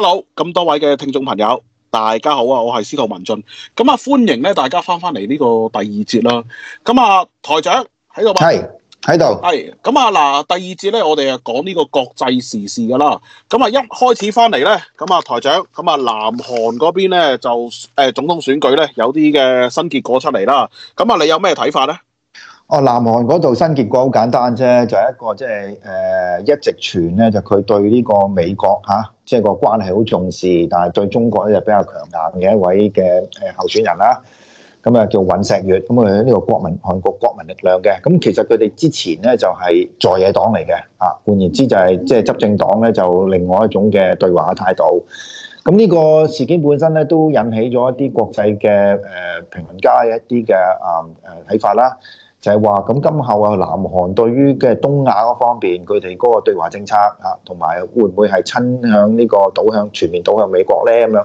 Hello，咁多位嘅聽眾朋友，大家好啊！我係司徒文進，咁啊歡迎咧大家翻翻嚟呢個第二節啦。咁啊台長喺度，係喺度，係。咁啊嗱，第二節咧我哋啊講呢個國際時事噶啦。咁啊一開始翻嚟咧，咁啊台長，咁啊南韓嗰邊咧就誒、呃、總統選舉咧有啲嘅新結果出嚟啦。咁啊你有咩睇法咧？哦，南韓嗰度新結果好簡單啫，就係、是、一個即係誒一直傳咧，就佢、是、對呢個美國嚇，即、啊、係、就是、個關係好重視，但係對中國咧就比較強硬嘅一位嘅誒候選人啦。咁啊叫尹錫悅，咁佢呢個國民韓國國民力量嘅。咁其實佢哋之前咧就係、是、在野黨嚟嘅，啊，換言之就係即係執政黨咧就另外一種嘅對話嘅態度。咁呢個事件本身咧都引起咗一啲國際嘅誒評論家一啲嘅啊誒睇法啦。就係話咁，今後啊，南韓對於嘅東亞嗰方面，佢哋嗰個對華政策啊，同埋會唔會係親向呢個倒向全面倒向美國咧咁樣？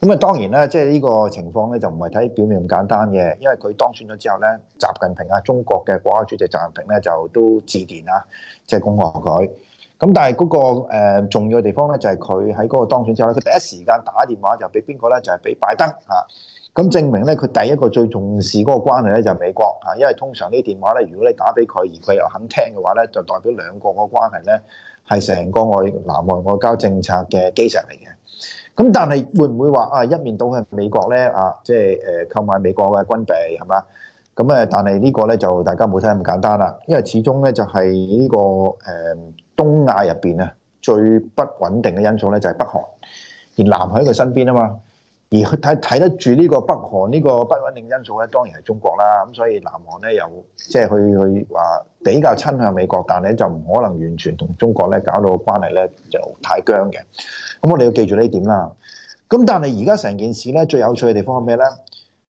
咁啊當然啦，即係呢個情況咧就唔係睇表面咁簡單嘅，因為佢當選咗之後咧，習近平啊，中國嘅國家主席習近平咧就都致電啊，即係恭賀佢。咁但係嗰個誒重要嘅地方咧，就係佢喺嗰個當選之後咧，佢第一時間打電話就俾邊個咧？就係、是、俾拜登嚇。咁證明咧，佢第一個最重視嗰個關係咧就係美國嚇，因為通常呢啲電話咧，如果你打俾佢而佢又肯聽嘅話咧，就代表兩個嗰個關係咧係成個南外南韓外交政策嘅基石嚟嘅。咁但係會唔會話啊一面倒係美國咧啊？即係誒購買美國嘅軍備係嘛？咁誒，但係呢個咧就大家冇睇咁簡單啦，因為始終咧就係呢個誒東亞入邊啊最不穩定嘅因素咧就係北韓，而南韓喺佢身邊啊嘛。而睇睇得住呢個北韓呢個不穩定因素咧，當然係中國啦。咁所以南韓咧又即係佢佢話比較親向美國，但係咧就唔可能完全同中國咧搞到關係咧就太僵嘅。咁我哋要記住呢點啦。咁但係而家成件事咧最有趣嘅地方係咩咧？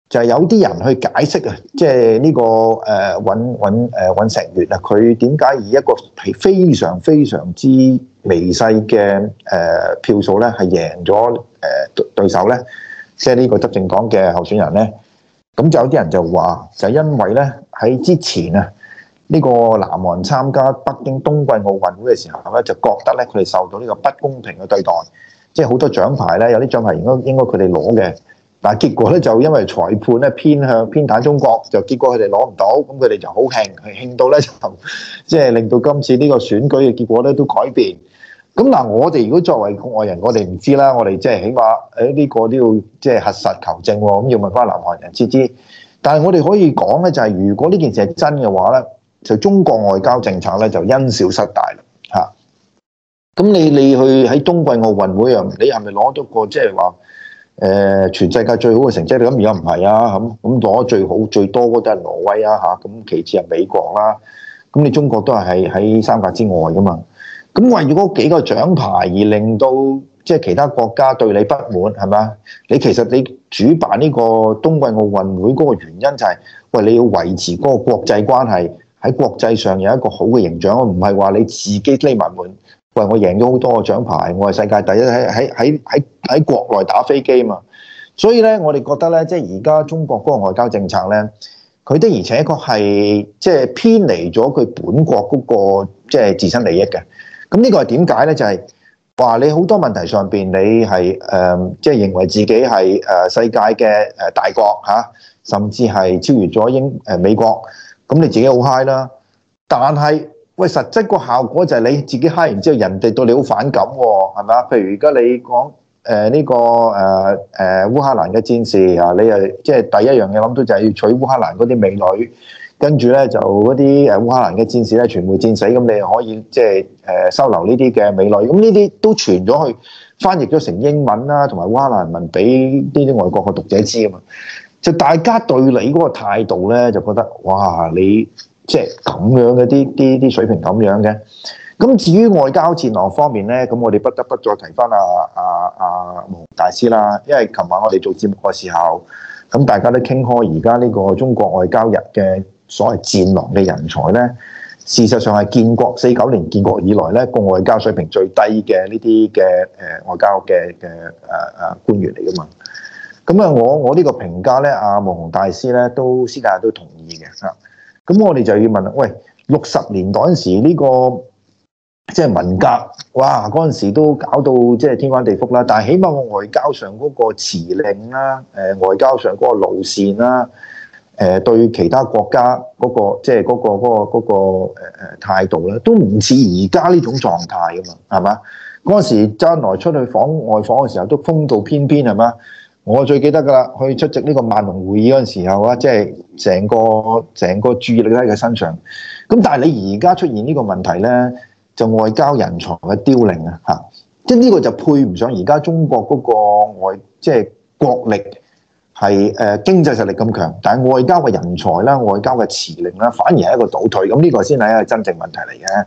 就係、是、有啲人去解釋啊，即係呢、這個誒尹尹誒尹錫悅啊，佢點解以一個非常非常之微細嘅誒票數咧係贏咗誒、呃、對，對，對手咧？即係呢個執政黨嘅候選人咧，咁就有啲人就話，就因為咧喺之前啊，呢個南韓參加北京冬季奧運會嘅時候咧，就覺得咧佢哋受到呢個不公平嘅對待，即係好多獎牌咧，有啲獎牌應該應該佢哋攞嘅，但係結果咧就因為裁判咧偏向偏袒中國，就結果佢哋攞唔到，咁佢哋就好㷫㷫到咧，就即係令到今次呢個選舉嘅結果咧都改變。咁嗱，我哋如果作為國外人，我哋唔知啦。我哋即係起碼，誒呢個都要即係核實求證喎。咁要問翻南韓人知知。但係我哋可以講咧，就係如果呢件事係真嘅話咧，就中國外交政策咧就因小失大啦。嚇、啊！咁你你去喺冬季奧運會啊？你係咪攞到個即係話誒全世界最好嘅成績咧？咁而家唔係啊，咁攞最好最多嗰啲係挪威啊嚇，咁、啊、其次係美國啦、啊。咁你中國都係喺喺三甲之外噶嘛？咁如果幾個獎牌而令到即係其他國家對你不滿，係嘛？你其實你主辦呢個冬季奧運會嗰個原因就係、係，喂，你要維持嗰個國際關係喺國際上有一個好嘅形象，我唔係話你自己匿埋滿，喂，我贏咗好多個獎牌，我係世界第一喺喺喺喺喺國內打飛機嘛。所以呢，我哋覺得呢，即係而家中國嗰個外交政策呢，佢的而且確係即係偏離咗佢本國嗰個即係自身利益嘅。咁呢個係點解呢？就係、是、話你好多問題上邊，你係誒即係認為自己係誒世界嘅誒大國嚇，甚至係超越咗英誒、呃、美國。咁你自己好嗨啦，但係喂，實質個效果就係你自己嗨完之後人哋對你好反感喎、哦，係咪啊？譬如而家你講誒呢個誒誒烏克蘭嘅戰事，嚇，你又即係第一樣嘢諗到就係要娶烏克蘭嗰啲美女。跟住咧就嗰啲烏克蘭嘅戰士咧全部戰死，咁你又可以即係誒收留呢啲嘅美女，咁呢啲都傳咗去翻譯咗成英文啦、啊，同埋烏克蘭文俾呢啲外國嘅讀者知啊嘛。就大家對你嗰個態度咧，就覺得哇，你即係咁樣嘅啲啲啲水平咁樣嘅。咁至於外交戰狼方面咧，咁我哋不得不再提翻阿阿阿王大師啦，因為琴晚我哋做節目嘅時候，咁大家都傾開而家呢個中國外交日嘅。所謂戰狼嘅人才咧，事實上係建國四九年建國以來咧，個外交水平最低嘅呢啲嘅誒外交嘅嘅誒誒官員嚟噶嘛。咁啊，我我呢個評價咧，阿毛雄大師咧都私底下都同意嘅啊。咁我哋就要問啦，喂，六十年代嗰陣時呢、這個即係、就是、文革，哇，嗰陣時都搞到即係天翻地覆啦。但係起碼個外交上嗰個辭令啦，誒、呃、外交上嗰個路線啦、啊。誒對其他國家嗰個即係嗰個嗰個嗰個誒誒態度咧，都唔似而家呢種狀態噶嘛，係嘛？嗰陣時周恩來出去訪外訪嘅時候，都風度翩翩係嘛？我最記得噶啦，去出席呢個萬隆會議嗰陣時候啊，即係成個成個注意力喺佢身上。咁但係你而家出現呢個問題咧，就外交人才嘅凋零啊！嚇，即係呢個就配唔上而家中國嗰個外即係國力。係誒、呃、經濟實力咁強，但係外交嘅人才啦、外交嘅辭令啦，反而係一個倒退，咁呢個先係一個真正問題嚟嘅。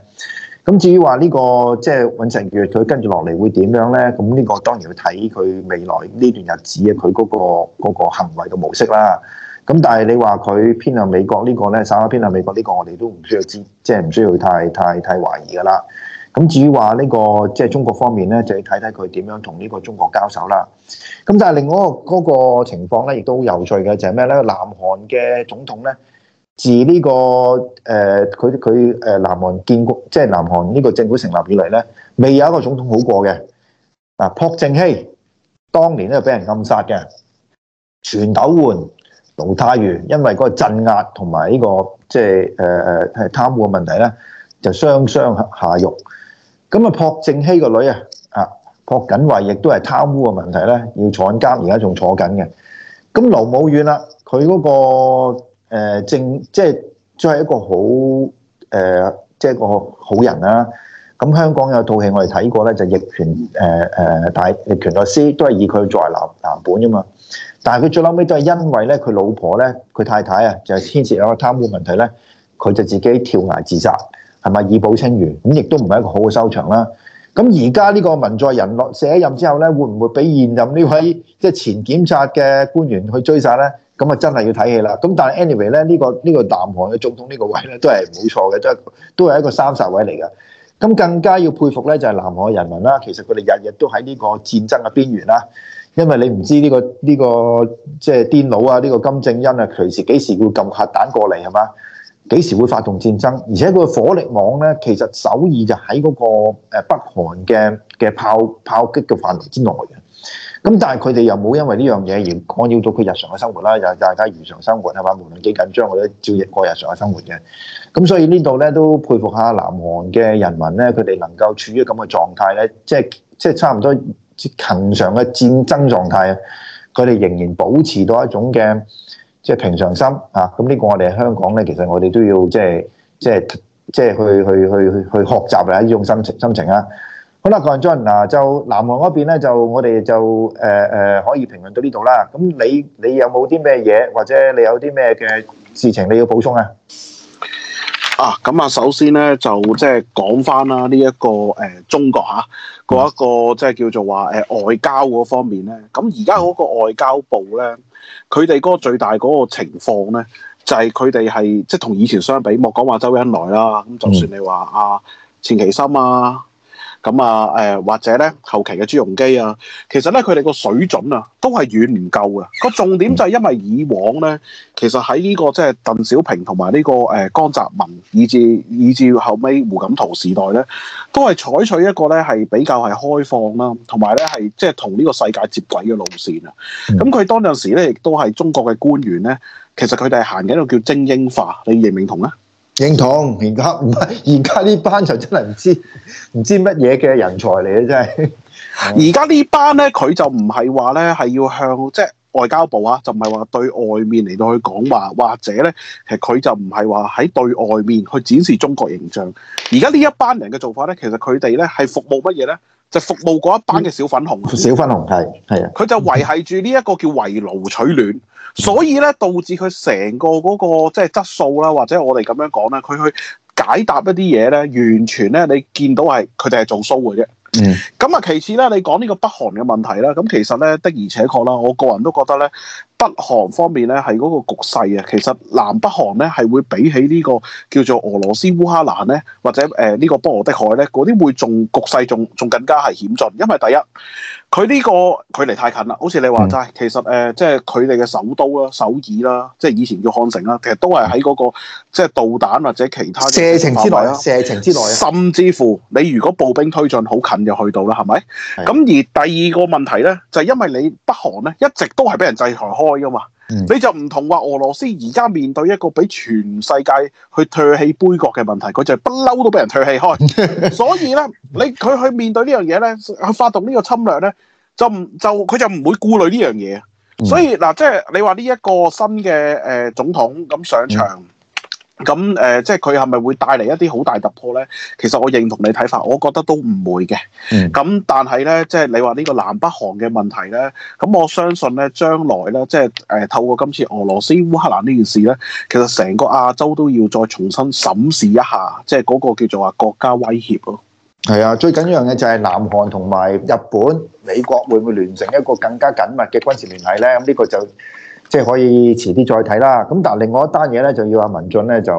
咁至於話、這個就是、呢個即係尹錫悅，佢跟住落嚟會點樣咧？咁呢個當然要睇佢未來呢段日子啊，佢嗰、嗰個嗰個行為嘅模式啦。咁但係你話佢偏向美國個呢個咧，稍微偏向美國呢個，我哋都唔需要知，即係唔需要太太太懷疑噶啦。咁至於話呢、這個即係、就是、中國方面咧，就要睇睇佢點樣同呢個中國交手啦。咁但係另外一、那個嗰、那個情況咧，亦都好有趣嘅就係咩咧？南韓嘅總統咧，自呢、這個誒佢佢誒南韓建國，即、就、係、是、南韓呢個政府成立以嚟咧，未有一個總統好過嘅。啊，朴正熙當年咧俾人暗殺嘅，全斗煥、盧泰愚，因為嗰個鎮壓同埋呢個即係誒誒係貪污嘅問題咧，就雙雙下下咁啊，朴正熙個女啊，啊，朴槿惠亦都係貪污嘅問題咧，要坐監，而家仲坐緊嘅。咁盧武鉉啦，佢嗰、那個誒政、呃，即係都係一個好誒、呃，即係個好人啦、啊。咁香港有套戲我哋睇過咧，就逆權誒誒大逆權律師都係以佢作為藍藍本啫嘛。但係佢最後尾都係因為咧，佢老婆咧，佢太太啊，就係、是、牽涉咗個貪污問題咧，佢就自己跳崖自殺。係咪以保清譽？咁亦都唔係一個好嘅收場啦。咁而家呢個文在寅落卸任之後咧，會唔會俾現任呢位即係、就是、前檢察嘅官員去追殺咧？咁啊，真係要睇戲啦。咁但係 anyway 咧，呢個呢個南韓嘅總統呢個位咧都係冇錯嘅，都係都係一個三十位嚟嘅。咁更加要佩服咧就係、是、南韓人民啦。其實佢哋日日都喺呢個戰爭嘅邊緣啦。因為你唔知呢、這個呢、這個即係癲佬啊，呢、這個金正恩啊，隨時幾時會撳核彈過嚟係嘛？幾時會發動戰爭？而且佢嘅火力網咧，其實首爾就喺嗰個誒北韓嘅嘅炮炮擊嘅範圍之內嘅。咁但係佢哋又冇因為呢樣嘢而干擾到佢日常嘅生活啦。又大家如常生活係嘛？無論幾緊張，佢都照日過日常嘅生活嘅。咁所以呢度咧都佩服下南韓嘅人民咧，佢哋能夠處於咁嘅狀態咧，即係即係差唔多平常嘅戰爭狀態啊！佢哋仍然保持到一種嘅。即係平常心啊！咁，這、呢個我哋香港咧，其實我哋都要即係即係即係去去去去去學習啦！呢種心情心情啊！好啦，John，啊，就南韓嗰邊咧，我就我哋就誒誒可以評論到呢度啦。咁你你有冇啲咩嘢，或者你有啲咩嘅事情你要補充啊？啊，咁啊，首先咧就即係講翻啦，呢、呃啊、一個誒中國嚇嗰一個即係叫做話誒外交嗰方面咧。咁而家嗰個外交部咧，佢哋嗰個最大嗰個情況咧，就係佢哋係即係同以前相比，莫講話周恩來啦，咁就算你話啊錢其琛啊。咁啊，誒、嗯、或者咧，後期嘅朱鎔基啊，其實咧佢哋個水準啊，都係遠唔夠嘅。個重點就係因為以往咧，其實喺呢個即係鄧小平同埋呢個誒江澤民，以至以至後尾胡錦濤時代咧，都係採取一個咧係比較係開放啦，同埋咧係即係同呢個世界接軌嘅路線啊。咁佢當陣時咧，亦都係中國嘅官員咧，其實佢哋係行緊一個叫精英化，你認唔認同咧？認同。而家唔係而家呢班就真係唔知，唔知乜嘢嘅人才嚟嘅真係。而家呢班咧，佢就唔係話咧係要向即係外交部啊，就唔係話對外面嚟到去講話，或者咧其實佢就唔係話喺對外面去展示中國形象。而家呢一班人嘅做法咧，其實佢哋咧係服務乜嘢咧？就服務嗰一班嘅小，小粉紅，小粉紅係，係啊，佢就維係住呢一個叫圍爐取暖，所以咧導致佢成個嗰、嗰個即係質素啦，或者我哋咁樣講咧，佢去解答一啲嘢咧，完全咧你見到係佢哋係做 show 嘅啫。嗯，咁啊，其次咧，你講呢個北韓嘅問題啦，咁其實咧的而且確啦，我個人都覺得咧。北韓方面咧係嗰個局勢啊，其實南北韓咧係會比起呢個叫做俄羅斯烏克蘭咧，或者誒呢個波羅的海咧，嗰啲會仲局勢仲仲更加係險峻，因為第一，佢呢個距離太近啦，好似你話齋，其實誒即係佢哋嘅首都啦、首爾啦，即係以前叫漢城啦，其實都係喺嗰個即係導彈或者其他射程之內啊，射程之內，甚至乎你如果步兵推進好近就去到啦，係咪？咁是而第二個問題咧，就係、是、因為你北韓咧一直都係俾人制裁。開噶嘛，嗯、你就唔同話俄羅斯而家面對一個俾全世界去唾棄杯葛嘅問題，佢就係不嬲都俾人唾棄開。 所以咧，你佢去面對呢樣嘢咧，去發動呢個侵略咧，就唔就佢就唔會顧慮呢樣嘢。所以嗱、嗯，即係你話呢一個新嘅誒、呃、總統咁上場。嗯咁誒、呃，即係佢係咪會帶嚟一啲好大突破咧？其實我認同你睇法，我覺得都唔會嘅。咁、嗯、但係咧，即係你話呢個南北韓嘅問題咧，咁我相信咧將來咧，即係誒、呃、透過今次俄羅斯烏克蘭呢件事咧，其實成個亞洲都要再重新審視一下，即係嗰個叫做話國家威脅咯。係啊，最緊要一樣嘢就係南韓同埋日本、美國會唔會聯成一個更加緊密嘅軍事聯繫咧？咁、嗯、呢、呢個就。即係可以遲啲再睇啦。咁但係另外一單嘢咧，就要阿文俊咧就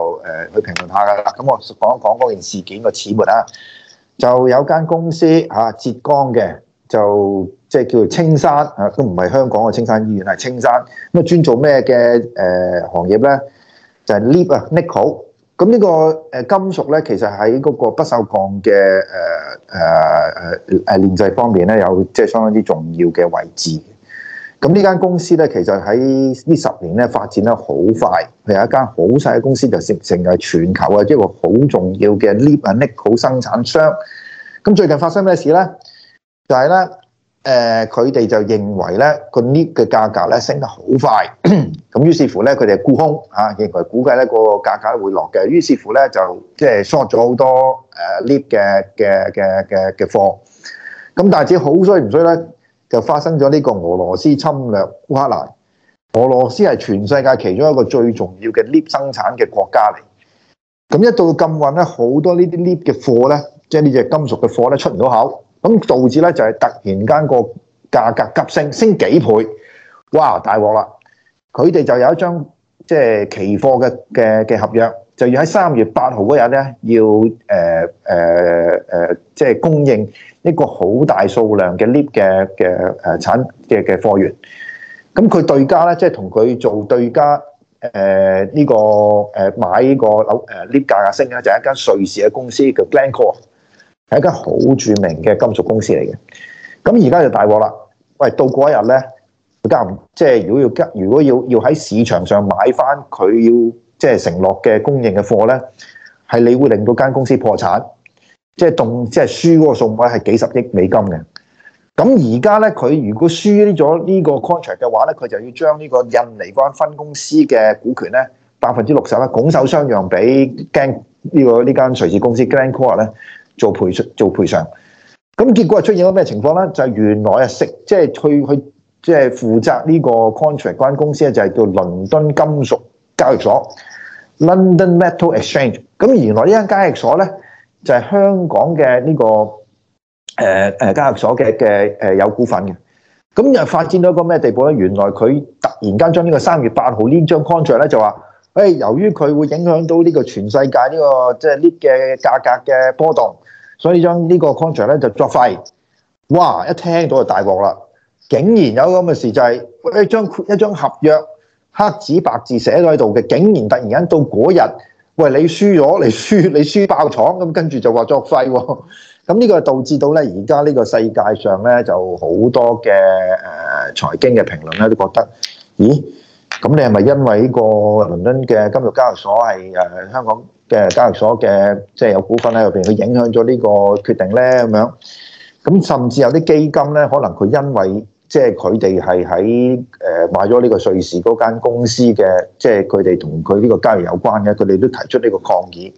誒去評論下㗎啦。咁我講一講嗰件事件個始末啦、啊。就有間公司嚇、啊、浙江嘅，就即係叫做青山嚇、啊，都唔係香港嘅青山醫院，係青山。咁、嗯、啊專做咩嘅誒行業咧？就係 lead 啊 nickel 咁呢個誒金屬咧，其實喺嗰個不鏽鋼嘅誒誒誒誒煉製方面咧，有即係相當之重要嘅位置。咁呢間公司咧，其實喺呢十年咧發展得好快，有一間好細嘅公司，就成成為全球嘅一個好重要嘅 lead nickel 生產商。咁最近發生咩事咧？就係、是、咧，誒佢哋就認為咧個 lead 嘅價格咧升得好快，咁於是乎咧佢哋沽空嚇，認為估計咧個價格會落嘅，於是乎咧、啊那個、就即係 short 咗好多誒 lead 嘅嘅嘅嘅嘅貨。咁大市好衰唔衰咧？就發生咗呢個俄羅斯侵略烏克蘭。俄羅斯係全世界其中一個最重要嘅 lead 生產嘅國家嚟。咁一到禁運咧，好多呢啲 lead 嘅貨咧，即係呢隻金屬嘅貨咧出唔到口，咁導致咧就係、是、突然間個價格急升，升幾倍，哇！大鑊啦！佢哋就有一張即係期貨嘅嘅嘅合約。就要喺三月八號嗰日咧，要誒誒誒，即係供應一個好大數量嘅 lead 嘅嘅誒產嘅嘅貨源。咁佢對家咧，即係同佢做對家誒呢、呃這個誒、呃、買呢個樓誒 lead 價上升咧，就係、是、一間瑞士嘅公司叫 Glencore，係一間好著名嘅金屬公司嚟嘅。咁而家就大鑊啦！喂，到嗰一日咧，佢加即係如果要如果要要喺市場上買翻佢要。即係承諾嘅供應嘅貨咧，係你會令到間公司破產，即係動即係輸嗰個數目係幾十億美金嘅。咁而家咧，佢如果輸咗呢個 contract 嘅話咧，佢就要將呢個印尼嗰間分公司嘅股權咧，百分之六十咧拱手相讓俾 g 呢、呢個呢間瑞士公司 Glencore 咧做賠出做，做賠償。咁結果出現咗咩情況咧？就係、是、原來啊，即係去去即係負責呢個 contract 嗰間公司咧，就係、是、叫倫敦金屬交易所。London Metal Exchange，咁原來家家呢間交易所咧就係、是、香港嘅呢、這個誒誒交易所嘅嘅誒有股份嘅，咁又發展到一個咩地步咧？原來佢突然間將呢個三月八號呢張 contract 咧就話，誒、哎、由於佢會影響到呢個全世界呢、這個即係 lift 嘅價格嘅波動，所以將呢個 contract 咧就作廢。哇！一聽到就大鑊啦，竟然有咁嘅事就係、是、一張一張合約。黑紙白字寫咗喺度嘅，竟然突然間到嗰日，喂，你輸咗，你輸你輸爆廠咁，跟住就話作廢喎。咁呢個導致到咧，而家呢個世界上咧就好多嘅誒財經嘅評論咧都覺得，咦？咁你係咪因為呢個倫敦嘅金融交易所係誒香港嘅交易所嘅，即係有股份喺入邊，佢影響咗呢個決定咧咁樣？咁甚至有啲基金咧，可能佢因為即係佢哋係喺誒買咗呢個瑞士嗰間公司嘅，即係佢哋同佢呢個交易有關嘅。佢哋都提出呢個抗議，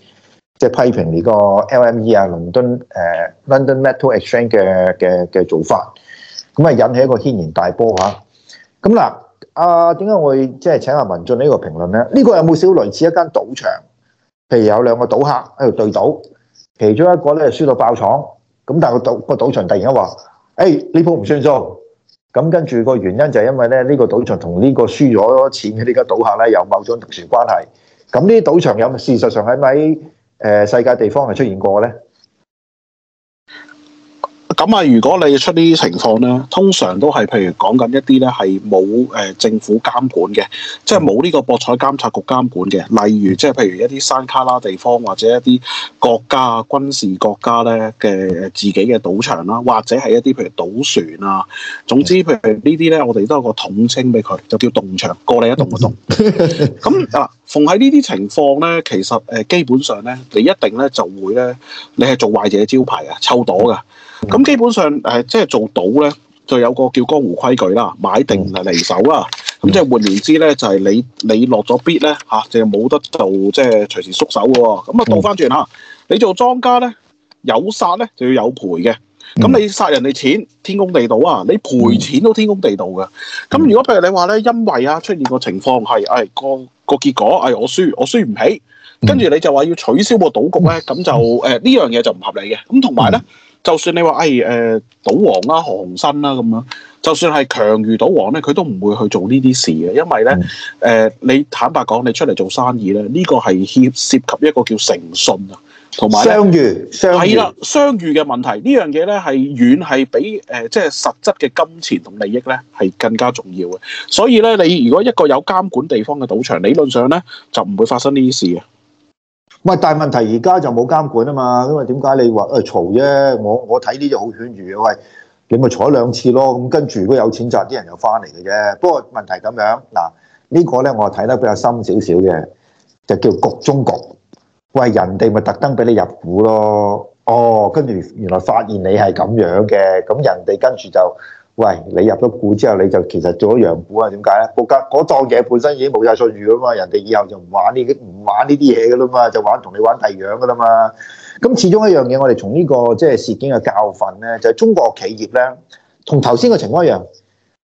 即係批評呢個 LME 啊、倫敦誒 London Metal Exchange 嘅嘅嘅做法，咁啊引起一個軒然大波嚇。咁嗱，啊點解會即係請阿文進呢個評論咧？呢個有冇少類似一間賭場？譬如有兩個賭客喺度對賭，其中一個咧輸到爆廠，咁但係個賭個賭場突然間話，誒呢鋪唔算數。咁跟住個原因就係因為咧，呢、這個賭場同呢個輸咗錢嘅呢個賭客咧有某種特殊關係。咁呢啲賭場有，事實上喺咪誒世界地方係出現過呢？咁啊！如果你出呢啲情況咧，通常都係譬如講緊一啲咧係冇誒政府監管嘅，即係冇呢個博彩監察局監管嘅。例如，即係譬如一啲山卡拉地方，或者一啲國家軍事國家咧嘅自己嘅賭場啦，或者係一啲譬如賭船啊，總之譬如呢啲咧，我哋都有個統稱俾佢，就叫動場。過嚟一動唔動？咁啊， 逢喺呢啲情況咧，其實誒基本上咧，你一定咧就會咧，你係做壞者招牌啊，抽躲嘅。咁基本上，誒，即係做賭咧，就有個叫江湖規矩啦，買定離手啦。咁即係換言之咧，就係你你落咗必咧，吓就冇得做，即係隨時縮手嘅。咁啊，倒翻轉吓，你做莊家咧，有殺咧就要有賠嘅。咁你殺人哋錢，天公地道啊！你賠錢都天公地道嘅。咁如果譬如你話咧，因為啊出現個情況係，誒個個結果，誒我輸，我輸唔起，跟住你就話要取消個賭局咧，咁就誒呢樣嘢就唔合理嘅。咁同埋咧。就算你話誒誒賭王啦、啊、何鴻燊啦咁樣，就算係強如賭王咧、啊，佢都唔會去做呢啲事嘅，因為咧誒、嗯呃，你坦白講，你出嚟做生意咧，呢、這個係涉及一個叫誠信啊，同埋相遇，係啦，相遇嘅問題，呢樣嘢咧係遠係比誒、呃、即係實質嘅金錢同利益咧係更加重要嘅，所以咧你如果一個有監管地方嘅賭場，理論上咧就唔會發生呢啲事嘅。唔但係問題而家就冇監管啊嘛，因為點解你話誒嘈啫？我我睇呢嘢好懸疑，喂，你咪坐兩次咯。咁跟住如果有錢賺，啲人又翻嚟嘅啫。不過問題咁樣嗱，呢個咧我睇得比較深少少嘅，就叫局中局。喂，人哋咪特登俾你入股咯，哦，跟住原來發現你係咁樣嘅，咁人哋跟住就。喂，你入咗股之後，你就其實做咗羊牯啊？點解咧？國家嗰檔嘢本身已經冇晒信譽啊嘛，人哋以後就唔玩呢啲唔玩呢啲嘢噶啦嘛，就玩同你玩第二樣噶啦嘛。咁始終一樣嘢，我哋從呢個即係事件嘅教訓咧，就係中國企業咧，同頭先嘅情況一樣。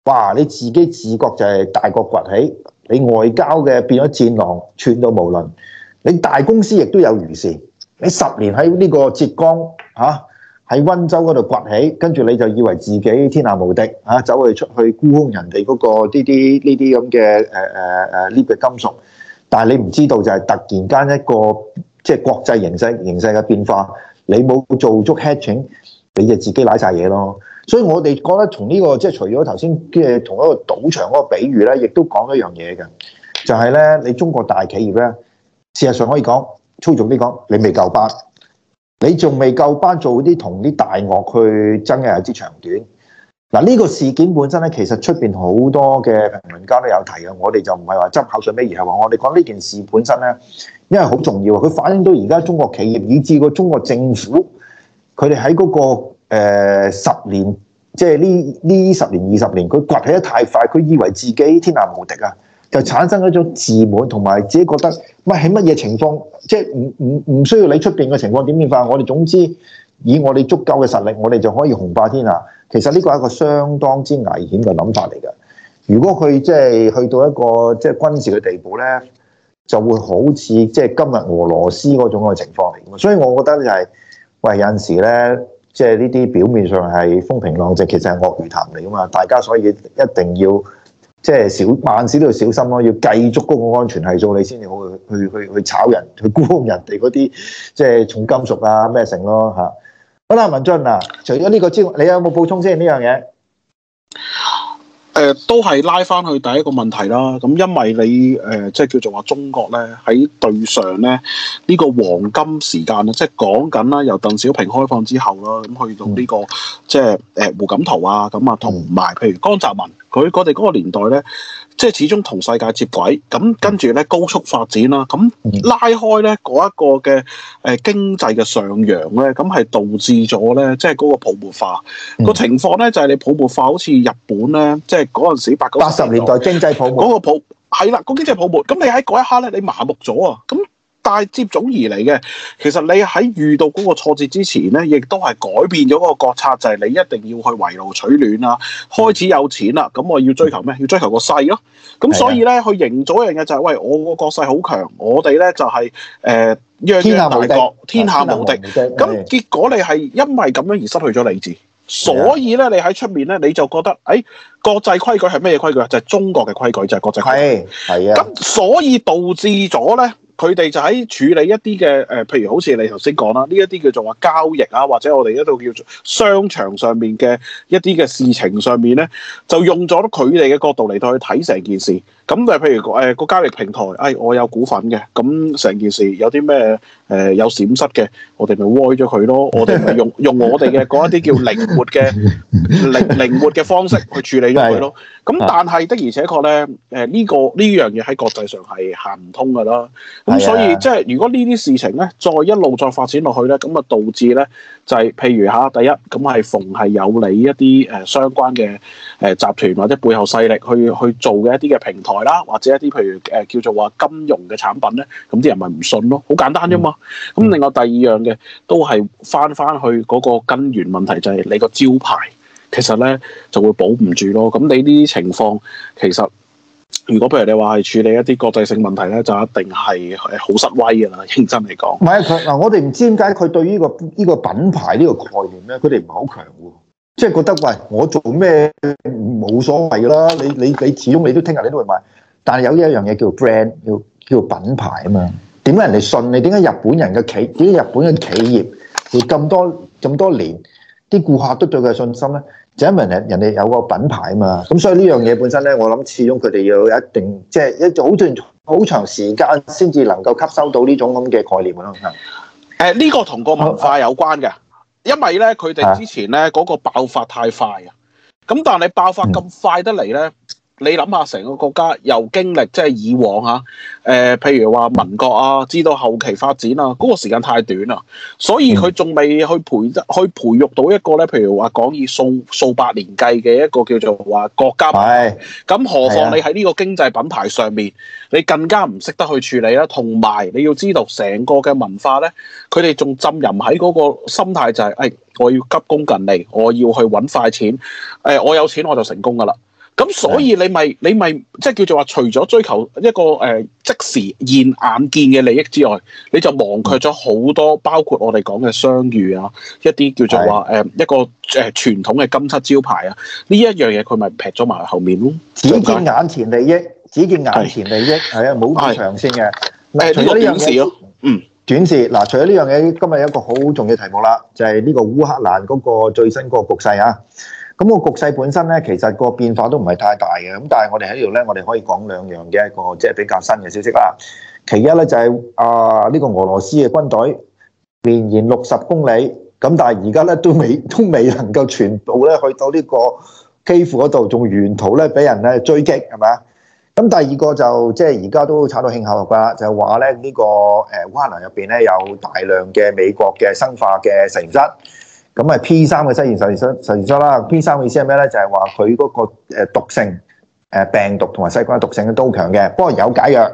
哇！你自己自覺就係大國崛起，你外交嘅變咗戰狼，寸到無倫。你大公司亦都有如是。你十年喺呢個浙江嚇，啊喺温州嗰度崛起，跟住你就以為自己天下無敵嚇，走、啊、去出去沽空人哋嗰個呢啲呢啲咁嘅誒誒誒呢啲金屬，但係你唔知道就係突然間一個即係、就是、國際形勢形勢嘅變化，你冇做足 hedging，你就自己攋晒嘢咯。所以我哋覺得同呢、這個即係除咗頭先嘅同一個賭場嗰個比喻咧，亦都講一樣嘢嘅，就係、是、咧你中國大企業咧，事實上可以講，粗重啲講，你未夠班。你仲未夠班做啲同啲大鱷去爭有啲長短嗱？呢個事件本身咧，其實出邊好多嘅評論家都有提嘅。我哋就唔係話執口水咩？而係話我哋講呢件事本身咧，因為好重要。佢反映到而家中國企業以至個中國政府，佢哋喺嗰個誒十年，即係呢呢十年、二十年，佢崛起得太快，佢以為自己天下無敵啊，就產生咗種自滿，同埋自己覺得。唔係乜嘢情況，即係唔唔唔需要你出面嘅情況點變化，我哋總之以我哋足夠嘅實力，我哋就可以紅霸天下。其實呢個係一個相當之危險嘅諗法嚟嘅。如果佢即係去到一個即係軍事嘅地步咧，就會好似即係今日俄羅斯嗰種嘅情況嚟。所以我覺得就係、是，喂，有陣時咧，即係呢啲表面上係風平浪靜，其實係鱷魚潭嚟㗎嘛。大家所以一定要。即係少，萬事都要小心咯，要計足嗰個安全系數，你先至好去去去去炒人，去沽空人哋嗰啲即係重金屬啊咩成咯嚇。好啦，文進啊，除咗呢個之外，你有冇補充先呢樣嘢？誒、呃、都係拉翻去第一個問題啦，咁因為你誒、呃、即係叫做話中國咧喺對上咧呢、呢個黃金時間咯，即係講緊啦由鄧小平開放之後咯，咁去到呢、呢個、嗯、即係誒、呃、胡錦濤啊咁啊，同、嗯、埋、嗯、譬如江澤民，佢我哋嗰個年代咧。即係始終同世界接軌，咁跟住咧高速發展啦，咁拉開咧嗰一個嘅誒、呃、經濟嘅上揚咧，咁係導致咗咧，即係嗰個泡沫化個、嗯、情況咧，就係、是、你泡沫化好似日本咧，即係嗰陣時八九八十年代經濟泡沫嗰個泡係啦，個經濟泡沫，咁、那個、你喺嗰一刻咧，你麻木咗啊，咁。但係接踵而嚟嘅，其實你喺遇到嗰個挫折之前咧，亦都係改變咗個國策，就係、是、你一定要去圍爐取暖啊，開始有錢啦，咁我要追求咩？要追求個勢咯、啊。咁所以咧，佢贏咗一樣嘢，就係、是，喂，我個國勢好強，我哋咧就係誒大國，天下無敵。咁的結果你係因為咁樣而失去咗理智，的所以咧你喺出面咧你就覺得，誒、哎、國際規矩係咩規矩啊？就係中國嘅規矩，就係、是、國際規矩。係、就、啊、是。咁的的所以導致咗咧。佢哋就喺處理一啲嘅誒，譬如好似你頭先講啦，呢一啲叫做話交易啊，或者我哋一度叫做商場上面嘅一啲嘅事情上面咧，就用咗佢哋嘅角度嚟到去睇成件事。咁、嗯、就譬如誒個、呃、交易平台，誒、哎、我有股份嘅，咁、嗯、成件事有啲咩？誒、呃、有閃失嘅，我哋咪歪咗佢咯。我哋咪用用我哋嘅嗰一啲叫靈活嘅 靈、靈活嘅方式去處理咗佢咯。咁、嗯、但係的而且確咧，誒、呃、呢、這個呢樣嘢喺國際上係行唔通噶啦。咁、嗯、所以即係如果呢啲事情咧再一路再發展落去咧，咁啊導致咧就係、是、譬如嚇、啊、第一咁係逢係有利一啲誒、呃、相關嘅誒、呃、集團或者背後勢力去去做嘅一啲嘅平台啦，或者一啲譬如誒、呃、叫做話金融嘅產品咧，咁啲人咪唔信咯，好簡單啫嘛～、mm. 咁、嗯、另外第二樣嘅都係翻翻去嗰個根源問題，就係、係、你個招牌其實咧就會保唔住咯。咁你呢啲情況其實，如果譬如你話係處理一啲國際性問題咧，就一定係好失威噶啦。認真嚟講，唔係嗱，我哋唔知點解佢對於呢、呢個呢、呢個品牌呢個概念咧，佢哋唔係好強喎，即、即、係、係、覺得喂，我做咩冇所謂噶啦。你你你始終你都聽日你都會買，但係有呢一樣嘢叫 brand，叫叫做品牌啊嘛。點解人哋信你？點解日本人嘅企點解日本嘅企業而咁多咁多年啲顧客都對佢信心咧？就因為人人哋有個品牌啊嘛。咁所以呢樣嘢本身咧，我諗始終佢哋要有一定，即係一段好長好長時間先至能夠吸收到呢種咁嘅概念咯。誒、啊，呢個同個文化有關嘅，啊、因為咧佢哋之前咧嗰個爆發太快啊。咁但係你爆發咁快得嚟咧？嗯你諗下成個國家由經歷即係以往吓，誒、呃，譬如話民國啊，至到後期發展啊，嗰、那個時間太短啦，所以佢仲未去培去培育到一個咧，譬如話講以數數百年計嘅一個叫做話國家品牌，咁是何況是、啊、你喺呢個經濟品牌上面，你更加唔識得去處理啦，同埋你要知道成個嘅文化咧，佢哋仲浸淫喺嗰個心態就係、是，誒、哎，我要急功近利，我要去揾快錢，誒、哎，我有錢我就成功噶啦。咁所以你咪你咪即係叫做話，除咗追求一個誒、呃、即時現眼見嘅利益之外，你就忘卻咗好多，包括我哋講嘅商譽啊，一啲叫做話誒一個誒傳統嘅金漆招牌啊，呢一的樣嘢佢咪劈咗埋後面咯。只見眼前利益，只的見眼前利益，係啊的，冇的長線嘅。嗱，除咗呢樣事咯，嗯，短視。嗱，除咗呢樣嘢，今日有一個好重要題目啦，就係、是、呢個烏克蘭嗰個最新個局勢啊。咁個局勢本身咧，其實個變化都唔係太大嘅。咁但係我哋喺呢度咧，我哋可以講兩樣嘅一個即係、就是、比較新嘅消息啦。其一咧就係、是、啊呢、這個俄羅斯嘅軍隊綿延六十公里，咁但係而家咧都未都未能夠全部咧去到呢個基輔嗰度，仲沿途咧俾人咧追擊，係咪？咁第二個就即係而家都炒到興頭㗎，就係話咧呢、這個誒烏克蘭入邊咧有大量嘅美國嘅生化嘅實驗室。咁啊 P 三嘅實驗實驗室實驗室啦，P 三嘅意思係咩咧？就係話佢嗰個誒毒性誒病毒同埋細菌嘅毒性都好強嘅，不過有解藥，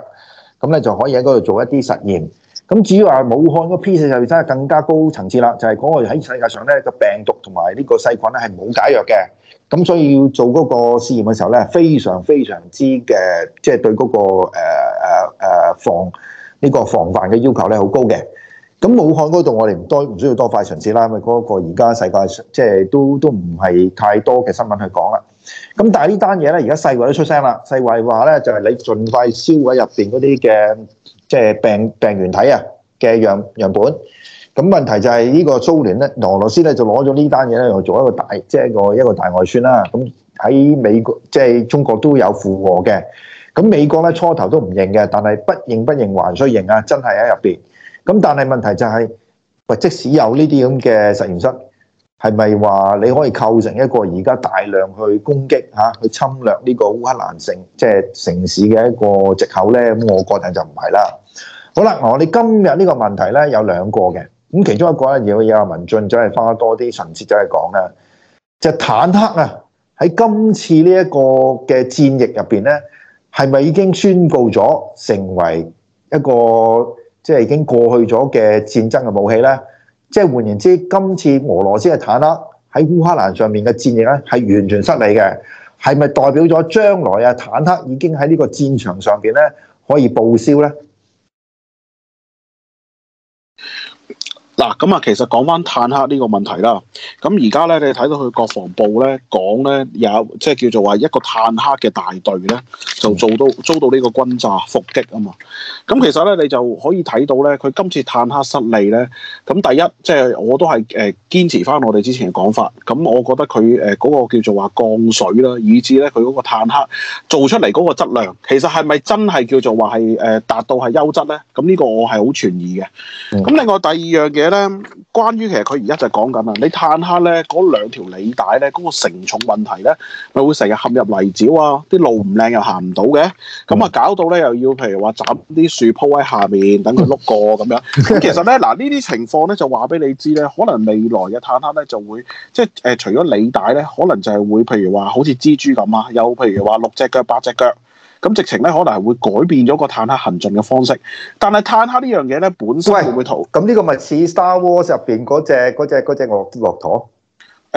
咁咧就可以喺嗰度做一啲實驗。咁至於話武漢嗰 P 四實驗室更加高層次啦，就係、是、嗰個喺世界上咧個病毒同埋呢個細菌咧係冇解藥嘅，咁所以要做嗰個試驗嘅時候咧，非常非常之嘅即係對嗰、那個誒誒、啊啊、防呢、這個防範嘅要求咧好高嘅。咁武漢嗰度我哋唔多唔需要多快嘗試啦，因為嗰個而家世界即係都都唔係太多嘅新聞去講啦。咁但係呢單嘢咧，而家世衞都出聲啦。世衞話咧就係、是、你盡快燒毀入邊嗰啲嘅即係病病原體啊嘅樣樣本。咁問題就係呢個蘇聯咧，俄羅斯咧就攞咗呢單嘢咧，又做一個大即係一個一個大外宣啦。咁喺美國即係中國都有附和嘅。咁美國咧初頭都唔認嘅，但係不認不認還需認啊！真係喺入邊。咁但係問題就係，喂，即使有呢啲咁嘅實驗室，係咪話你可以構成一個而家大量去攻擊嚇、去侵略呢個烏克蘭城即係城市嘅一個藉口咧？我覺得就唔係啦。好啦，我哋今日呢個問題咧有兩個嘅，咁其中一個咧如果有阿文進仔係花多啲神志仔係講啦，就坦克啊喺今次呢一個嘅戰役入邊咧，係咪已經宣告咗成為一個？即係已經過去咗嘅戰爭嘅武器呢？即換言之，今次俄羅斯嘅坦克喺烏克蘭上面嘅戰役呢，係完全失利嘅，係咪代表咗將來啊坦克已經喺呢個戰場上面呢，可以報銷呢？嗱咁啊，其實講翻坦克呢個問題啦。咁而家咧，你睇到佢國防部咧講咧，有即係叫做話一個坦克嘅大隊咧，就做到遭到呢個轟炸伏擊啊嘛。咁其實咧，你就可以睇到咧，佢今次坦克失利咧，咁第一即係我都係誒堅持翻我哋之前嘅講法。咁我覺得佢誒嗰個叫做話降水啦，以至咧佢嗰個坦克做出嚟嗰個質量，其實係咪真係叫做話係誒達到係優質咧？咁、這、呢個我係好存疑嘅。咁、嗯、另外第二樣嘢。咧，關於其實佢而家就講緊啦。你坦克咧，嗰兩條履帶咧，嗰、嗰個承重問題咧，咪會成日陷入泥沼啊！啲路唔靚又行唔到嘅，咁啊、嗯、搞到咧又要譬如話斬啲樹樖喺下面等佢碌過咁樣。咁 其實咧嗱，況呢啲情況咧就話俾你知咧，可能未來嘅坦克咧就會即係誒、呃，除咗履帶咧，可能就係會譬如話好似蜘蛛咁啊，又譬如話六隻腳八隻腳。咁直情咧，可能係會改變咗個坦克行進嘅方式，但係坦克呢樣嘢咧本身會唔會逃？咁呢個咪似 Star Wars 入邊嗰隻嗰隻嗰隻駱駱駝？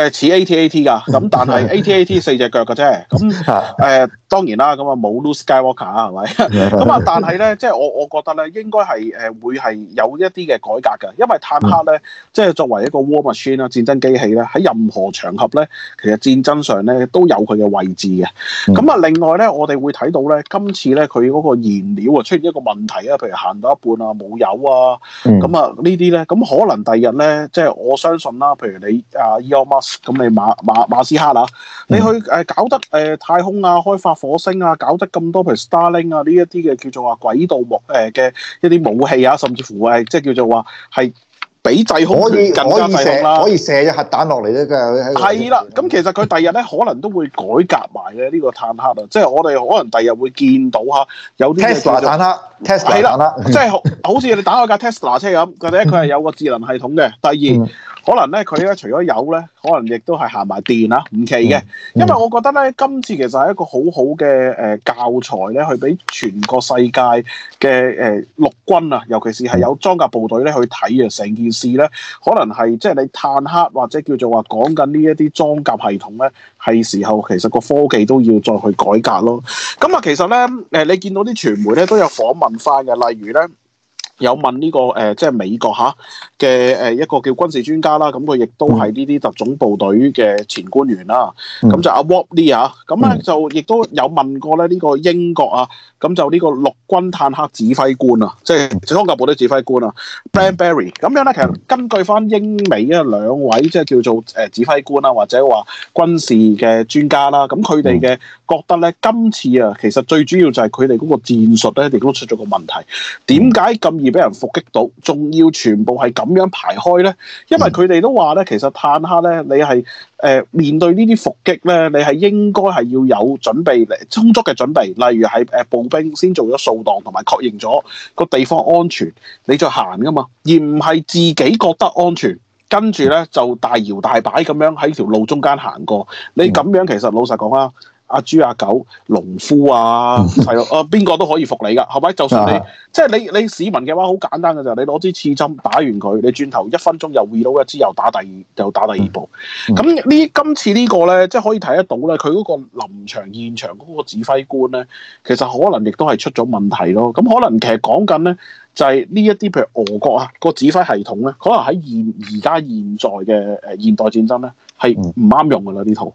似 ATAT 噶，咁、呃、但係 AT ATAT 四隻腳嘅啫，咁誒、呃、當然啦，咁啊冇 Luke Skywalker 啊，係咪？咁啊，但係咧，即係我我覺得咧，應該係誒會係有一啲嘅改革嘅，因為坦克咧，即係作為一個 war machine 啦，戰爭機器咧，喺任何場合咧，其實戰爭上咧都有佢嘅位置嘅。咁啊，另外咧，我哋會睇到咧，今次咧佢嗰個燃料啊出現一個問題啊，譬如行到一半啊冇油啊，咁啊、嗯、呢啲咧，咁可能第二日咧，即係我相信啦，譬如你啊、uh, e 咁你馬馬馬斯克啊，你去誒、呃、搞得誒、呃、太空啊，開發火星啊，搞得咁多譬如 Starlink 啊呢一啲嘅叫做話軌道木誒嘅一啲武器啊，甚至乎係即係叫做話係。比制可以制更加強可以射一核彈落嚟咧，佢係啦。咁、嗯嗯嗯嗯、其實佢第日咧，可能都會改革埋嘅呢個坦克啊。即係我哋可能第日，日會見到嚇有啲嘅坦克。Tesla 坦克，係啦，即係好似你打開架 Tesla 車咁，佢咧佢係有個智能系統嘅。第二，嗯嗯、可能咧佢咧除咗有咧，可能亦都係行埋電啊，唔奇嘅。因為我覺得咧，今次其實係一個好好嘅誒教材咧，去俾全個世界嘅誒陸軍啊，尤其是係有裝甲部隊咧去睇啊，成件事。咧，可能係即係你坦克或者叫做話講緊呢一啲裝甲系統咧，係時候其實個科技都要再去改革咯。咁啊，其實咧，誒、呃、你見到啲傳媒咧都有訪問翻嘅，例如咧。有問呢、這個誒、呃，即係美國嚇嘅誒一個叫軍事專家啦，咁佢亦都係呢啲特種部隊嘅前官員啦。咁就阿 Woolley 啊，咁咧就亦、啊、都、嗯、有問過咧呢個英國啊，咁就呢個陸軍坦克指揮官啊，嗯、即係裝甲部隊指揮官啊、嗯、Branberry，咁樣咧，其實根據返英美啊兩位即係、就是、叫做誒指揮官啊，或者話軍事嘅專家啦，咁佢哋嘅覺得咧，今次啊，其實最主要就係佢哋嗰個戰術咧，亦都出咗個問題。點解咁易？俾人伏擊到，仲要全部係咁樣排開咧。因為佢哋都話咧，其實坦克咧，你係誒、呃、面對呢啲伏擊咧，你係應該係要有準備，充足嘅準備。例如係誒、呃、步兵先做咗掃蕩，同埋確認咗個地方安全，你再行噶嘛。而唔係自己覺得安全，跟住咧就大搖大擺咁樣喺條路中間行過。你咁樣其實老實講啊。阿豬阿狗農夫啊，係咯、 啊，啊邊個都可以服你㗎，係咪？就算你即係 你你市民嘅話，好簡單嘅就係。你攞支刺針打完佢，你轉頭一分鐘又遇到一支，又打第二，又打第二部。咁呢 今次呢個咧，即係可以睇得到咧，佢嗰個臨場現場嗰個指揮官咧，其實可能亦都係出咗問題咯。咁可能其實講緊咧，就係呢一啲譬如俄國啊個指揮系統咧，可能喺現而家現在嘅誒、呃、現代戰爭咧，係唔啱用㗎啦呢套。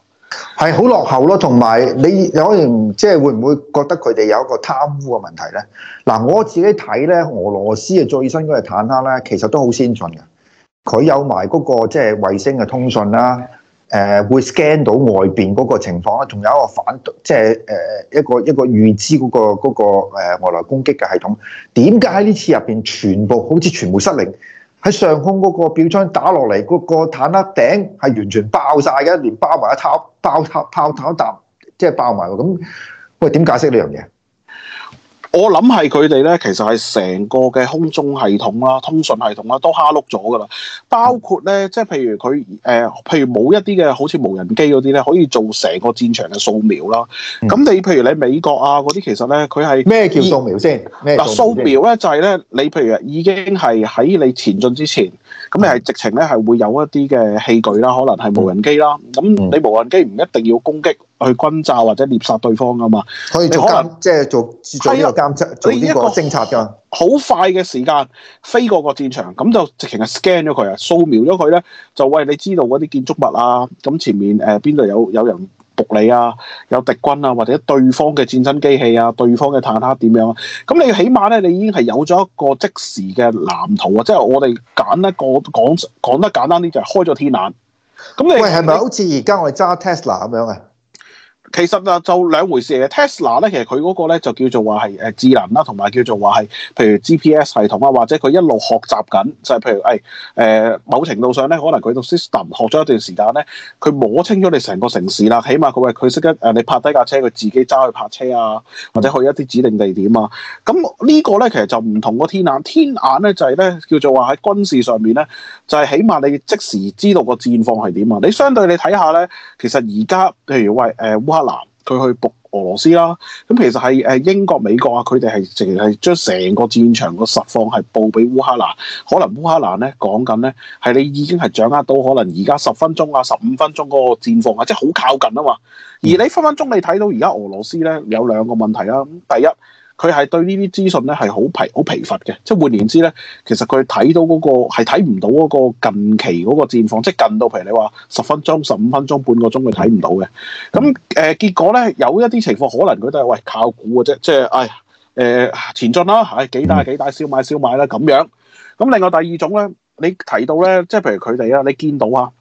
係好落後咯，同埋你有可能即係會唔會覺得佢哋有一個貪污嘅問題呢？嗱、啊，我自己睇呢，俄羅斯嘅最新嗰隻坦克呢，其實都好先進嘅，佢有埋嗰個即係衛星嘅通訊啦，誒、呃、會 scan 到外邊嗰個情況，仲有一個反即係誒一個一個預知嗰、那個、那個誒外來攻擊嘅系統，點解喺呢次入邊全部好似全部失靈？喺上空嗰個標槍打落嚟，嗰個坦克頂係完全爆曬嘅，連爆埋一炮，爆炮炮彈，即係爆埋喎。咁喂，點解釋呢樣嘢？我諗係佢哋咧，其實係成個嘅空中系統啦、通訊系統啦，都蝦碌咗㗎啦。包括咧，即係譬如佢誒、呃，譬如冇一啲嘅好似無人機嗰啲咧，可以做成個戰場嘅掃描啦。咁、嗯、你譬如你美國啊嗰啲，其實咧佢係咩叫掃描先？咩掃描咧就係咧，你譬如已經係喺你前進之前，咁、嗯、你係直情咧係會有一啲嘅器具啦，可能係無人機啦。咁、嗯嗯、你無人機唔一定要攻擊。去轟炸或者獵殺對方噶嘛？可以做監，能即係做做一個監測，做呢個偵察噶。好快嘅時間飛過個戰場，咁就直情係 scan 咗佢啊，掃描咗佢咧。就餵，你知道嗰啲建築物啊，咁前面誒邊度有有人伏你啊，有敵軍啊，或者對方嘅戰爭機器啊，對方嘅坦克點樣？咁你起碼咧，你已經係有咗一個即時嘅藍圖啊！即係我哋揀一個講講得簡單啲，就係開咗天眼。咁你係咪好似而家我哋揸 Tesla 咁樣啊？其實啊，就兩回事。Tesla 咧，其實佢嗰個咧就叫做話係誒智能啦，同埋叫做話係譬如 GPS 系統啊，或者佢一路學習緊，就係、是、譬如誒誒、哎呃、某程度上咧，可能佢個 system 學咗一段時間咧，佢摸清咗你成個城市啦，起碼佢話佢識得誒、呃、你拍低架車，佢自己揸去泊車啊，或者去一啲指定地點啊。咁、嗯嗯、呢個咧其實就唔同個天眼，天眼咧就係、是、咧叫做話喺軍事上面咧，就係、是、起碼你即時知道個戰況係點啊。你相對你睇下咧，其實而家譬如話誒、呃呃呃呃呃呃呃南佢去搏俄羅斯啦，咁其實係誒英國美國啊，佢哋係直係將成個戰場個實況係報俾烏克蘭，可能烏克蘭咧講緊咧係你已經係掌握到，可能而家十分鐘啊十五分鐘嗰個戰況啊，即係好靠近啊嘛，而你分分鐘你睇到而家俄羅斯咧有兩個問題啦、啊，第一。佢係對呢啲資訊咧係好疲好疲乏嘅，即係換言之咧，其實佢睇到嗰、嗰個係睇唔到嗰個近期嗰個戰況，即係近到譬如你話十分鐘、十五分鐘、半個鐘佢睇唔到嘅。咁、嗯、誒、呃、結果咧，有一啲情況可能佢都係喂靠估嘅啫，即係誒誒前進啦嚇，幾大幾大燒賣燒賣啦咁樣。咁、嗯、另外第二種咧，你提到咧，即係譬如佢哋啊，你見到啊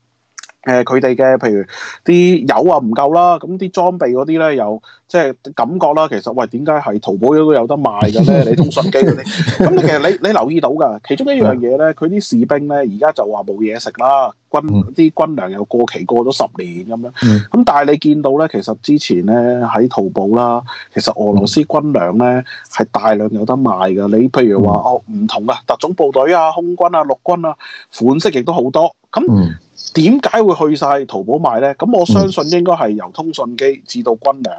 誒佢哋嘅譬如啲油啊唔夠啦，咁啲裝備嗰啲咧又。即係感覺啦，其實喂，點解係淘寶都有得賣嘅咧？你通訊機嗰啲，咁 其實你你留意到噶，其中一樣嘢咧，佢啲士兵咧而家就話冇嘢食啦，軍啲軍糧又過期過咗十年咁樣，咁、嗯、但係你見到咧，其實之前咧喺淘寶啦，其實俄羅斯軍糧咧係大量有得賣嘅。你譬如話、嗯、哦，唔同啊，特種部隊啊、空軍啊、陸軍啊，款式亦都好多。咁點解會去晒淘寶賣咧？咁我相信應該係由通訊機至到軍糧。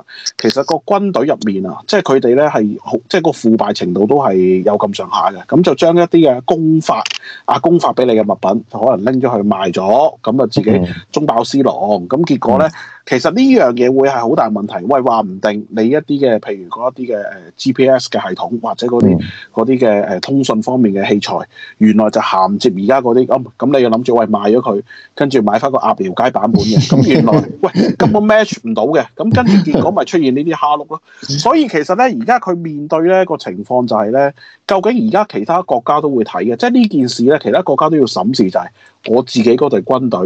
其實個軍隊入面啊，即係佢哋咧係好，即係個腐敗程度都係有咁上下嘅。咁就將一啲嘅公法啊、公法俾你嘅物品，可能拎咗去賣咗，咁啊自己中飽私囊。咁結果咧，嗯其實呢樣嘢會係好大問題，喂話唔定你一啲嘅，譬如嗰一啲嘅誒 GPS 嘅系統，或者嗰啲啲嘅誒通訊方面嘅器材，原來就銜接而家嗰啲，咁、哦、咁你又諗住喂賣咗佢，跟住買翻個鴨寮街版本嘅，咁原來喂根本 match 唔到嘅，咁跟住結果咪出現呢啲蝦碌咯。所以其實咧，而家佢面對咧個情況就係、是、咧，究竟而家其他國家都會睇嘅，即係呢件事咧，其他國家都要審視就係、是、我自己嗰隊軍隊，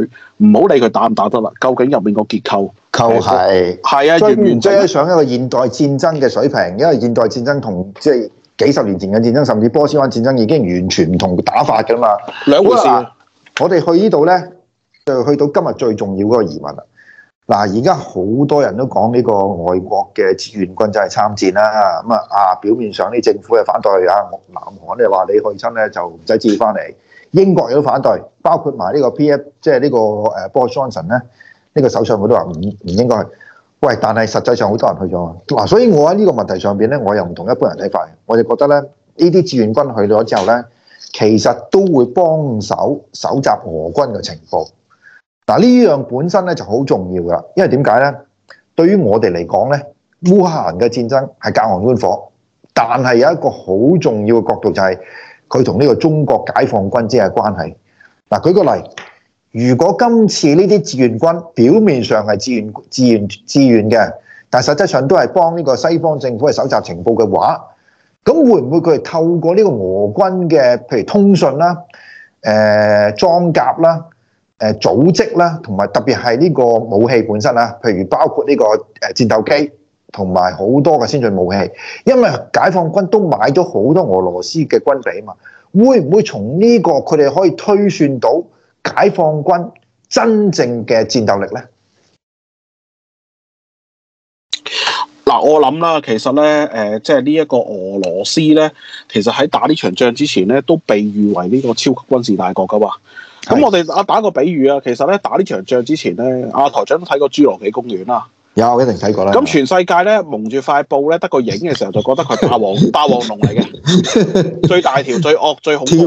唔好理佢打唔打得啦，究竟入面個結構。夠係，係啊、就是，追唔追得上一個現代戰爭嘅水平？因為現代戰爭同即係幾十年前嘅戰爭，甚至波斯灣戰爭已經完全唔同打法噶嘛。兩回事，我哋去呢度咧，就去到今日最重要嗰個疑問啦。嗱，而家好多人都講呢個外國嘅志願軍就係參戰啦。咁、嗯、啊，啊表面上啲政府係反對啊，南韓咧話你去親咧就唔使支持翻嚟，英國亦都反對，包括埋呢個 P F，即係呢個誒，Boris Johnson 咧。呢個首相佢都話唔唔應該，喂！但係實際上好多人去咗嗱，所以我喺呢個問題上邊咧，我又唔同一般人睇法，我就覺得咧，呢啲志願軍去咗之後咧，其實都會幫手搜集俄軍嘅情報。嗱，呢樣本身咧就好重要噶，因為點解咧？對於我哋嚟講咧，烏克蘭嘅戰爭係隔岸觀火，但係有一個好重要嘅角度就係佢同呢個中國解放軍之間嘅關係。嗱，舉個例。如果今次呢啲志願軍表面上係志願、志願、志願嘅，但係實際上都係幫呢個西方政府去搜集情報嘅話，咁會唔會佢係透過呢個俄軍嘅譬如通訊啦、誒、呃、裝甲啦、誒、呃、組織啦，同埋特別係呢個武器本身啦，譬如包括呢個誒戰鬥機同埋好多嘅先進武器，因為解放軍都買咗好多俄羅斯嘅軍備啊嘛，會唔會從呢個佢哋可以推算到？解放軍真正嘅戰鬥力咧？嗱、啊，我諗啦，其實咧，誒、呃，即係呢一個俄羅斯咧，其實喺打呢場仗之前咧，都被譽為呢個超級軍事大國噶嘛。咁是我哋啊，打個比喻啊，其實咧打呢場仗之前咧，阿、啊、台長都睇過侏羅紀公園啦。有一定睇過啦。咁全世界咧蒙住塊布咧，得個影嘅時候就覺得佢係霸王 霸王龍嚟嘅，最大條、最惡、最恐怖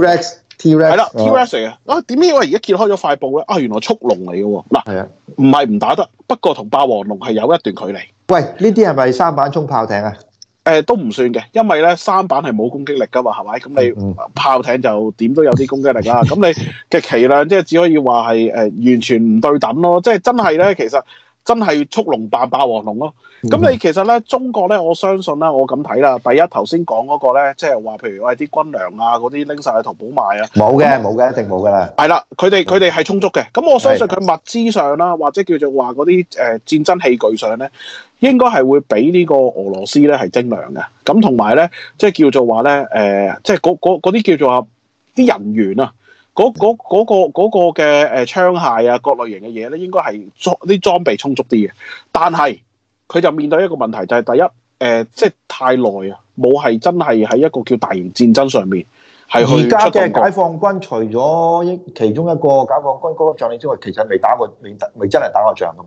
係啦，T-rex 啊，點知我而家揭開咗塊布咧？啊，原來速龍嚟嘅，嗱、啊，唔係唔打得，不過同霸王龍係有一段距離。喂，呢啲係咪三板冲炮艇啊？誒、呃，都唔算嘅，因為咧三板係冇攻擊力噶嘛，係咪？咁你炮、嗯、艇就點都有啲攻擊力啦。咁你嘅奇量即係 只可以話係誒，完全唔對等咯。即、就、係、是、真係咧，其實。 真係速龍扮霸王龍咯！咁你其實咧，中國咧，我相信咧，我咁睇啦。第一頭先講嗰個咧，即係話譬如話啲軍糧啊嗰啲拎晒去淘寶賣啊，冇嘅冇嘅一定冇噶啦。係啦，佢哋佢哋係充足嘅。咁我相信佢物資上啦，或者叫做話嗰啲誒戰爭器具上咧，應該係會比呢個俄羅斯咧係精良嘅。咁同埋咧，即係叫做話咧，誒、呃、即係嗰啲叫做話啲人員啊。嗰嗰、嗰個嘅誒槍械啊，各類型嘅嘢咧，應該係裝啲裝備充足啲嘅。但係佢就面對一個問題，就係、是、第一誒、呃，即係太耐啊，冇係真係喺一個叫大型戰爭上面係。而家嘅解放軍除咗其中一個解放軍嗰個將領之外，其實未打過，未未真係打過仗啊。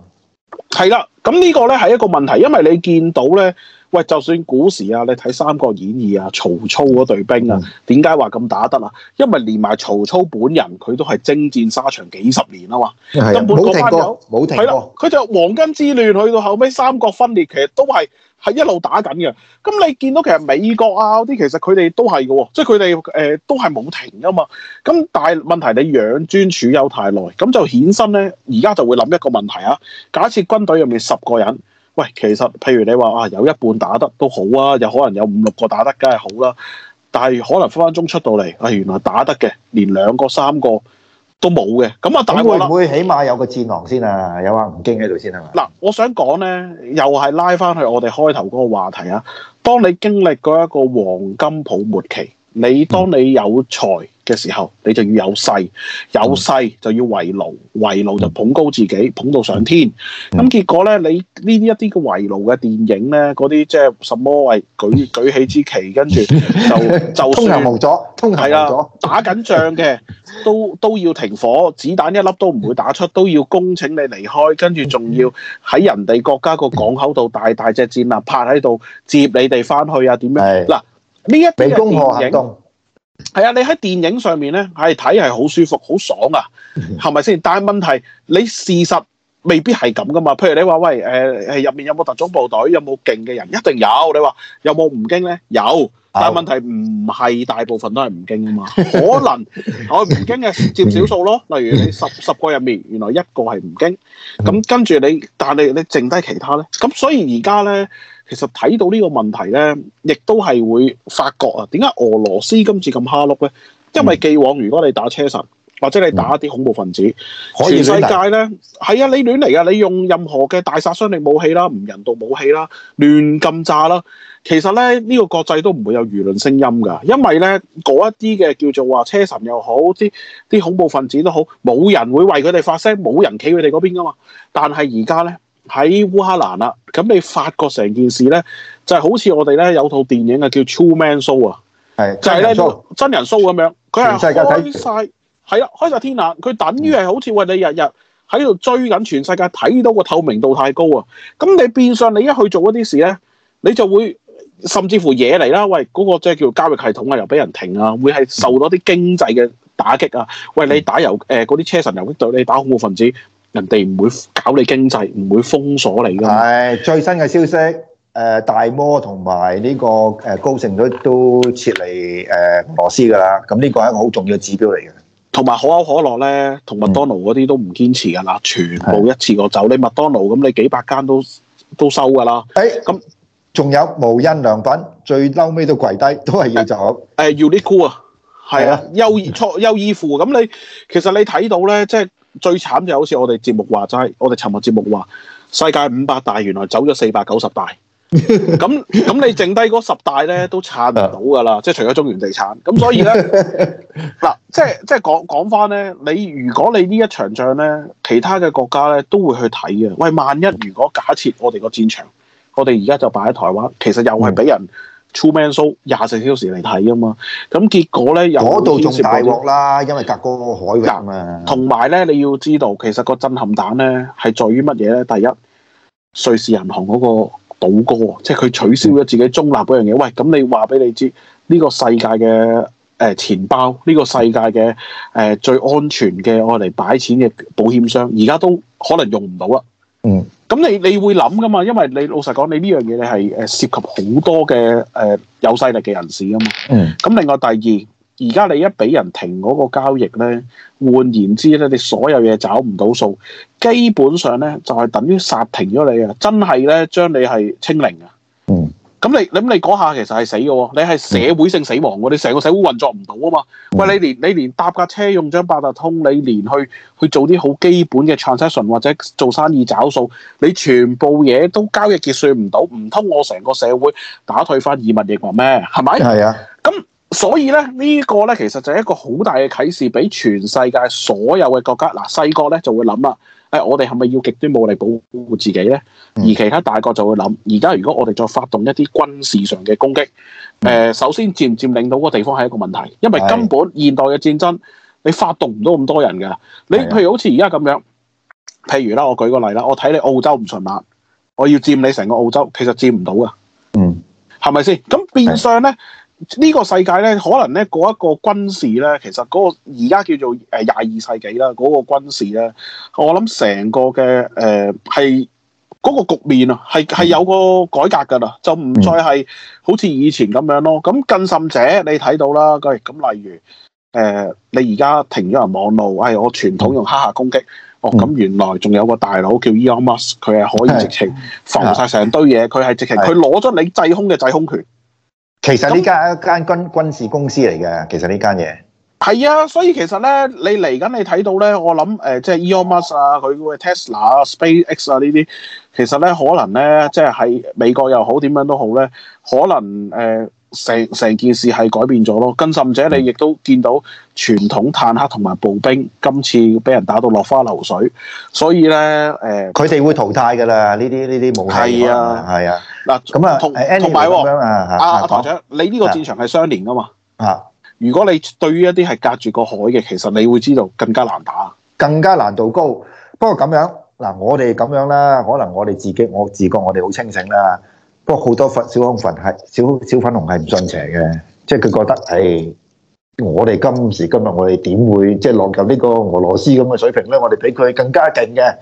係啦，咁呢個咧係一個問題，因為你見到咧。喂，就算古時啊，你睇《三國演義》啊，曹操嗰隊兵啊，點解話咁打得啊？因為連埋曹操本人，佢都係征戰沙場幾十年啊嘛，的根本個班友冇停過，係啦，佢就黃巾之亂去到後尾，三國分裂其實都係係一路打緊嘅。咁你見到其實美國啊嗰啲，其實佢哋都係嘅喎，即係佢哋誒都係冇停噶嘛。咁但係問題你養尊處優太耐，咁就衍生咧。而家就會諗一個問題啊。假設軍隊入面十個人。喂，其實譬如你話啊，有一半打得都好啊，有可能有五六個打得梗係好啦、啊，但係可能分分鐘出到嚟，誒、啊、原來打得嘅連兩個三個都冇嘅，咁啊打會唔會起碼有個戰狼先啊？有啊，吳京喺度先係嘛？嗱，我想講咧，又係拉翻去我哋開頭嗰個話題啊。當你經歷過一個黃金泡沫期。你當你有才嘅時候，你就要有勢，有勢就要圍爐，圍爐就捧高自己，捧到上天。咁結果咧，你呢啲一啲嘅圍爐嘅電影咧，嗰啲即係什麼？喂，舉舉起支旗，跟住就就 通行無阻通冇咗，係啦、啊，打緊仗嘅都都要停火，子彈一粒都唔會打出，都要恭請你離開，跟住仲要喺人哋國家個港口度大大隻戰艦泊喺度接你哋翻去啊？點樣嗱？呢一啲嘅電影，係啊，你喺電影上面咧，係睇係好舒服、好爽啊，係咪先？但係問題，你事實未必係咁噶嘛。譬如你話喂，誒誒入面有冇特種部隊？有冇勁嘅人？一定有。你話有冇唔驚咧？有，但係問題唔係大部分都係唔驚啊嘛。可能 我唔驚嘅佔少數咯。例如你十十個入面，原來一個係唔驚，咁跟住你，但係你你剩低其他咧，咁所以而家咧。其實睇到呢個問題咧，亦都係會發覺啊，點解俄羅斯今次咁蝦碌咧？因為既往如果你打車臣，或者你打一啲恐怖分子，嗯、全世界咧係、嗯、啊，你亂嚟啊！你用任何嘅大殺傷力武器啦、唔人道武器啦、亂咁炸啦，其實咧呢、呢個國際都唔會有輿論聲音㗎，因為咧嗰一啲嘅叫做話車臣又好，啲啲恐怖分子都好，冇人會為佢哋發聲，冇人企佢哋嗰邊㗎嘛。但係而家咧。喺烏克蘭啦，咁你發覺成件事咧，就係、是、好似我哋咧有套電影啊，叫 True Man Show 啊，係是就係咧真人 show 咁全樣，佢係開晒，係啦，開晒天眼，佢等於係好似喂你日日喺度追緊全世界睇到個透明度太高啊，咁你變相你一去做一啲事咧，你就會甚至乎惹嚟啦，喂嗰、那個即係叫交易系統啊，又俾人停啊，會係受到啲經濟嘅打擊啊，喂你打游，誒嗰啲車臣遊擊隊，你打恐怖分子。人哋唔會搞你經濟，唔會封鎖你噶。係、哎、最新嘅消息，誒、呃、大摩同埋呢個誒高盛都都撤離誒俄羅斯噶啦。咁、呃、呢個係一個好重要嘅指標嚟嘅。同埋可口可樂咧，同麥當勞嗰啲都唔堅持噶啦，全部一次過走。的你麥當勞咁，你幾百間都都收噶啦。誒咁、欸，仲、嗯、有無印良品，最嬲尾都跪低，都係要走。誒，UNIQLO 啊，係啊，優衣錯優衣庫。咁你其實你睇到咧，即係。最慘就好似我哋節目話齋，就是，我哋尋日節目話世界五百大原來走咗四百九十大。咁，咁 你剩低嗰十大咧都撐唔到㗎啦，即係除咗中原地產。咁所以咧，嗱， 即係即係講講翻咧，你如果你呢一場仗咧，其他嘅國家咧都會去睇嘅。喂，萬一如果假設我哋個戰場，我哋而家就擺喺台灣，其實又係俾人。嗯 True Man Show 廿四小時嚟睇啊嘛，咁結果咧，嗰度仲大鑊啦，因為隔個海域啊。同埋咧，你要知道其實個震撼蛋咧係在於乜嘢咧？第一，瑞士銀行嗰個賭哥，即係佢取消咗自己中立嗰樣嘢。嗯、喂，咁你話俾你知呢、這個世界嘅誒、呃、錢包，呢、這個世界嘅誒、呃、最安全嘅愛嚟擺錢嘅保險箱，而家都可能用唔到啦。嗯，咁你你會諗㗎嘛？因為你老實講，你呢樣嘢你係誒涉及好多嘅誒、呃、有勢力嘅人士啊嘛。嗯。咁另外第二，而家你一俾人停嗰個交易咧，換言之咧，你所有嘢找唔到數，基本上咧就係、是、等於殺停咗你啊！真係咧將你係清零啊！嗯。咁你，咁你嗰下其實係死嘅喎，你係社會性死亡喎，你成個社會運作唔到啊嘛。嗯、喂，你連你連搭架車用張八達通，你連去去做啲好基本嘅 transaction 或者做生意找數，你全部嘢都交易結算唔到，唔通我成個社會打退翻以物易物咩？係咪？係啊。咁所以咧，這個、呢個咧其實就係一個好大嘅啟示，俾全世界所有嘅國家嗱，細國咧就會諗啊。我哋係咪要極端武力保護自己呢？而其他大國就會諗：而家如果我哋再發動一啲軍事上嘅攻擊，誒、呃，首先佔唔佔領到嗰個地方係一個問題，因為根本現代嘅戰爭你發動唔到咁多人噶。你譬如好似而家咁樣，譬如啦，我舉個例啦，我睇你澳洲唔順眼，我要佔你成個澳洲，其實佔唔到噶，嗯是是，係咪先？咁變相呢。呢個世界咧，可能咧嗰一個軍事咧，其實嗰個而家叫做誒廿二世紀啦，嗰、那個軍事咧，我諗成個嘅誒係嗰個局面啊，係係有個改革㗎啦，就唔再係好似以前咁樣咯。咁更甚者，你睇到啦，咁例如誒、呃，你而家停咗人網路，誒、哎、我傳統用黑客攻擊，哦咁原來仲有個大佬叫 Elon Musk，佢係可以直情浮晒成堆嘢，佢係直情佢攞咗你制空嘅制空權。其實呢間、嗯、一間軍軍事公司嚟嘅，其實呢間嘢係啊，所以其實咧，你嚟緊你睇到咧，我諗誒、呃，即係 Elon Musk 啊，佢嘅 Tesla 啊、SpaceX 啊呢啲，其實咧可能咧，即係喺美國又好，點樣都好咧，可能誒。成成件事係改變咗咯，更甚者你亦都見到傳統坦克同埋步兵今次俾人打到落花流水，所以咧誒，佢哋會淘汰㗎啦，呢啲呢啲武器。係啊，係啊，嗱咁啊，同埋啊，阿台長，你呢個戰場係相連噶嘛？啊，如果你對於一啲係隔住個海嘅，其實你會知道更加難打，更加難度高。不過咁樣嗱，我哋咁樣啦，可能我哋自己我自覺我哋好清醒啦。不過好多粉小粉係小小粉紅係唔信邪嘅，即係佢覺得係、哎、我哋今時今日我哋點會即係落緊呢個俄羅斯咁嘅水平咧？我哋比佢更加勁嘅，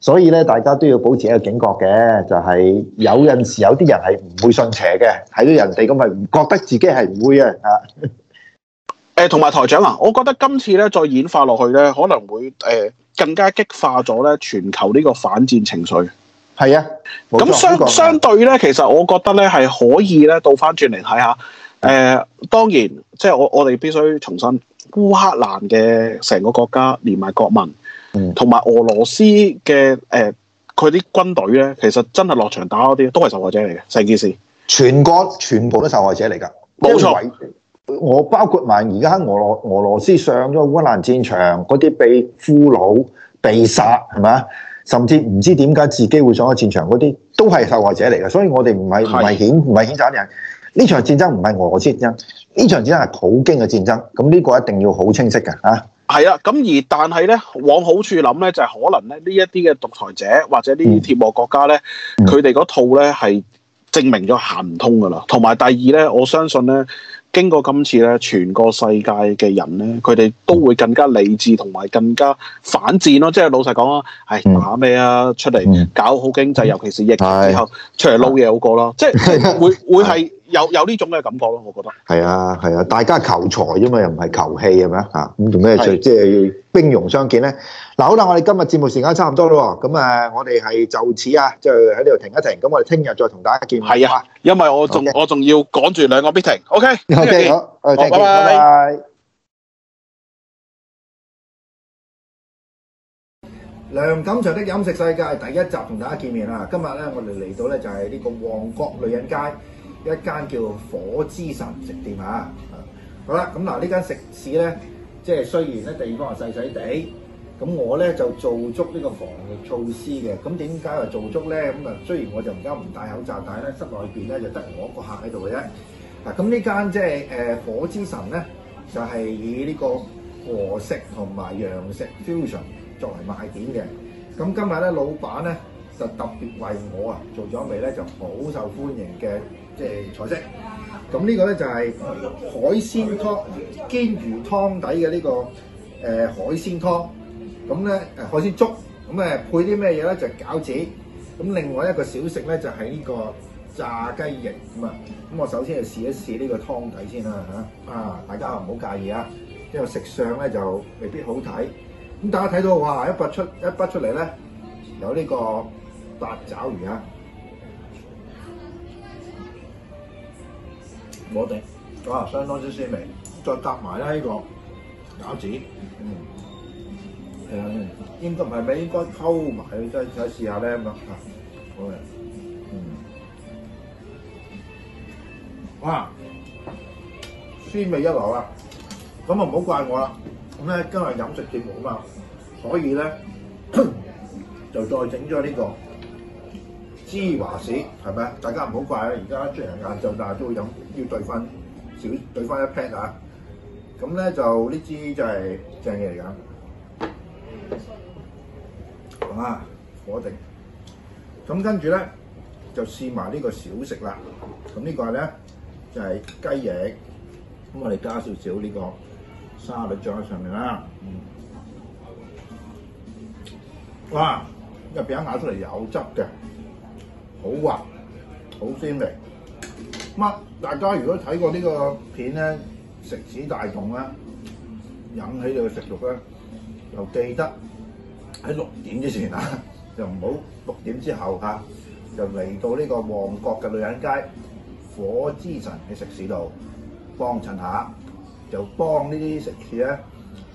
所以咧大家都要保持一個警覺嘅，就係、是、有陣時有啲人係唔會信邪嘅，睇到人哋咁咪唔覺得自己係唔會啊！誒 、呃，同埋台長啊，我覺得今次咧再演化落去咧，可能會誒、呃、更加激化咗咧全球呢個反戰情緒。係啊，咁相錯相對咧，的其實我覺得咧係可以咧倒翻轉嚟睇下。誒、呃，當然，即、就、係、是、我我哋必須重新烏克蘭嘅成個國家連埋國民，同埋、嗯、俄羅斯嘅誒，佢、呃、啲軍隊咧，其實真係落場打嗰啲都係受害者嚟嘅，成件事，全國全部都受害者嚟㗎，冇錯。錯我包括埋而家俄羅俄羅斯上咗烏克蘭戰，戰場嗰啲被俘虜、被殺，係咪啊？甚至唔知點解自己會上咗戰場嗰啲，都係受害者嚟嘅。所以我哋唔係唔係譴唔係譴責人。呢場戰爭唔係俄羅斯嘅戰爭，呢場戰爭係普京嘅戰爭。咁、這、呢個一定要好清晰嘅嚇。係啊，咁而但係咧往好處諗咧，就係、是、可能咧呢一啲嘅獨裁者或者呢啲鐵幕國家咧，佢哋嗰套咧係證明咗行唔通㗎啦。同埋第二咧，我相信咧。經過今次咧，全個世界嘅人咧，佢哋都會更加理智同埋更加反戰咯。即係老實講啊，係打咩啊？出嚟搞好經濟，嗯、尤其是疫情之後，出嚟撈嘢好過咯。嗯、即係會 會係。有有呢種嘅感覺咯，我覺得係啊係啊，大家求財啫嘛，又唔係求氣係咪啊？咁做咩就即係要兵戎相見咧？嗱，好啦，我哋今日節目時間差唔多咯，咁啊，我哋係就此啊，就喺呢度停一停。咁我哋聽日再同大家見面。係啊，因為我仲我仲要趕住兩個 meeting。O K，O K，好，拜拜。梁錦祥的飲食世界第一集同大家見面啦！今日咧，我哋嚟到咧就係呢個旺角女人街。一間叫火之神食店啊，好啦，咁、啊、嗱呢間食肆咧，即係雖然咧地方係細細地，咁我咧就做足呢個防疫措施嘅。咁點解話做足咧？咁啊，雖然我就而家唔戴口罩，但係咧室內邊咧就得我一個客喺度嘅啫。嗱、啊，咁呢間即係誒、呃、火之神咧，就係、是、以呢個和食同埋洋食 fusion 作為賣點嘅。咁、啊、今日咧，老闆咧。就特別為我啊做咗味咧，就好受歡迎嘅即係菜式。咁呢個咧就係海鮮湯，煎魚湯底嘅呢、呢個誒、呃、海鮮湯。咁咧誒海鮮粥，咁誒配啲咩嘢咧？就係、餃子。咁另外一個小食咧就係、係、呢個炸雞翼。咁啊，咁我首先就試一試呢個湯底先啦嚇。啊，大家唔好介意啊，因為食相咧就未必好睇。咁大家睇到哇，一拔出一筆出嚟咧，有呢、呢個。八爪魚啊！我哋啊，相當之鮮味，再搭埋咧呢個餃子，嗯，係、嗯、啊、啊、啊應，應該唔係咩？應該溝埋，再再試下咧咁啊！好嘅，嗯，哇，鮮味一流啊！咁啊唔好怪我啦！咁咧今日飲食節目啊嘛，所以咧就再整咗呢個。芝華士係咪，大家唔好怪啊！而家出嚟晏晝，但係都會飲，要兌翻少，兌翻一瓶啊！咁咧就呢支就係正嘢嚟㗎。啊，火定。咁跟住咧就試埋呢個小食啦。咁呢個咧就係、係、雞翼。咁我哋加少少呢個沙律醬喺上面啦。嗯。哇、啊！個餅咬出嚟有汁嘅。好滑，好鮮味。咁大家如果睇過呢個片咧，食肆大同咧，引起你嘅食欲，咧，就記得喺六點之前嚇，就唔好六點之後嚇，就嚟到呢個旺角嘅女人街火之神嘅食肆度幫襯下，就幫呢啲食肆咧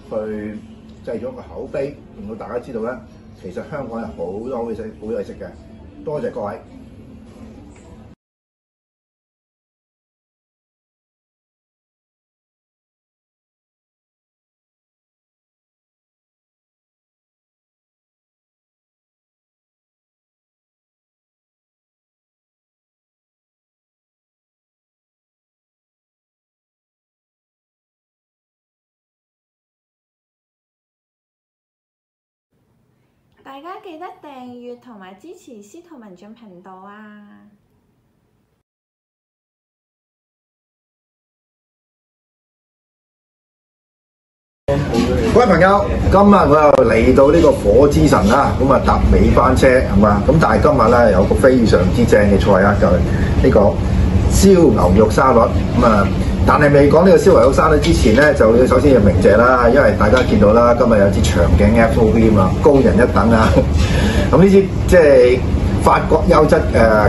去製咗個口碑，令到大家知道咧，其實香港有好多好嘢食，好嘢食嘅。多謝各位。大家記得訂閱同埋支持司徒文進頻道啊！各位朋友，今日我又嚟到呢個火之神啦，咁啊搭尾班車係嘛？咁但係今日咧有個非常之正嘅菜啊，就係呢個。燒牛肉沙律咁啊，嗯！但係未講呢個燒牛肉沙律之前咧，就首先要鳴謝啦，因為大家見到啦，今日有支長頸 F.O.B. 嘛，高人一等啊！咁呢、嗯、支即係法國優質誒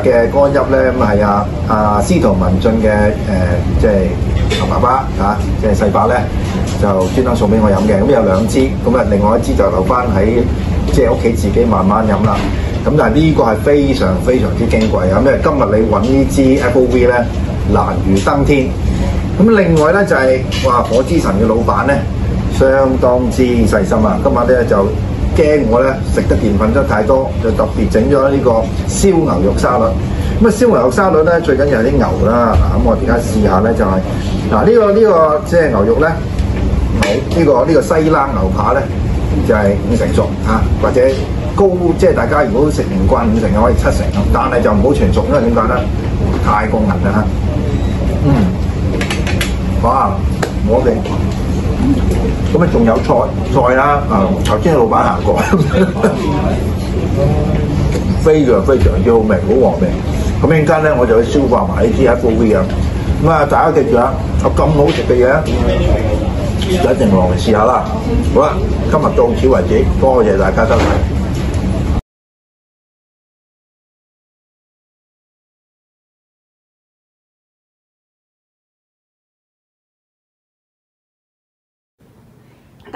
嘅乾邑咧，咁、呃、係啊啊，司徒文俊嘅誒、呃、即係阿爸爸啊，即係世伯咧，就專登送俾我飲嘅，咁、嗯、有兩支，咁、嗯、啊，另外一支就留翻喺即係屋企自己慢慢飲啦。咁但係呢個係非常非常之矜貴啊！因為今日你揾呢支 Apple V 咧難如登天。咁另外咧，就係哇，火之神嘅老闆咧，相當之細心啊！今晚咧就驚我咧食得澱粉質太多，就特別整咗呢個燒牛肉沙律。咁啊，燒牛肉沙律咧，最緊要係啲牛啦。咁我而家試下咧，就係嗱，呢個呢個即係牛肉咧，好，呢個呢個西冷牛扒咧就係五成熟啊，或者。高即係大家如果食唔慣五成，可以七成，但係就唔好全熟，因為點解咧？太過硬啦！嚇，嗯，哇！我哋咁啊，仲有菜菜啦，啊！頭先老闆行過，非常非常之好味，好和味。咁陣間咧，我就去消化埋啲 F O V 啊。咁啊，大家記住啊，有咁好食嘅嘢，一定落嚟試下啦。好啦，今日到此為止，多謝大家收睇。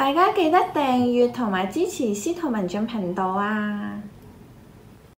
大家記得訂閱同埋支持司徒文進頻道啊！